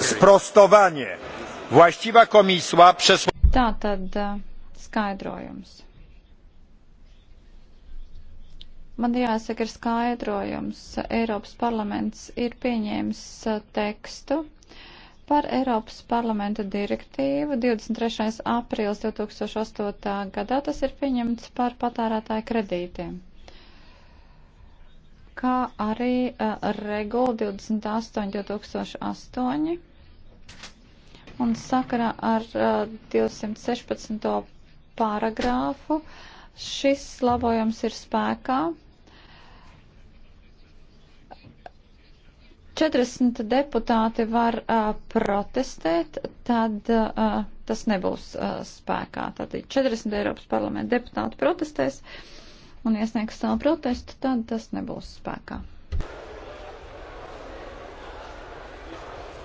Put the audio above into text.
Sprostovanie. Właściwa komisja przez... Tātad e, skaidrojums. Man jāsaka, ir skaidrojums. Eiropas parlaments ir pieņēmis e, tekstu par Eiropas parlamenta direktīvu 23. aprīlis 2008. gadā. Tas ir pieņemts par patērētāju kredītiem kā arī uh, regula 28.2008 un sakarā ar uh, e, 216. paragrāfu šis labojums ir spēkā. 40 deputāti var uh, protestēt, tad uh, tas nebūs uh, spēkā. Tad 40 Eiropas parlamenta deputāti protestēs. Uh, un iesniegs savu protestu, tad tas nebūs spēkā.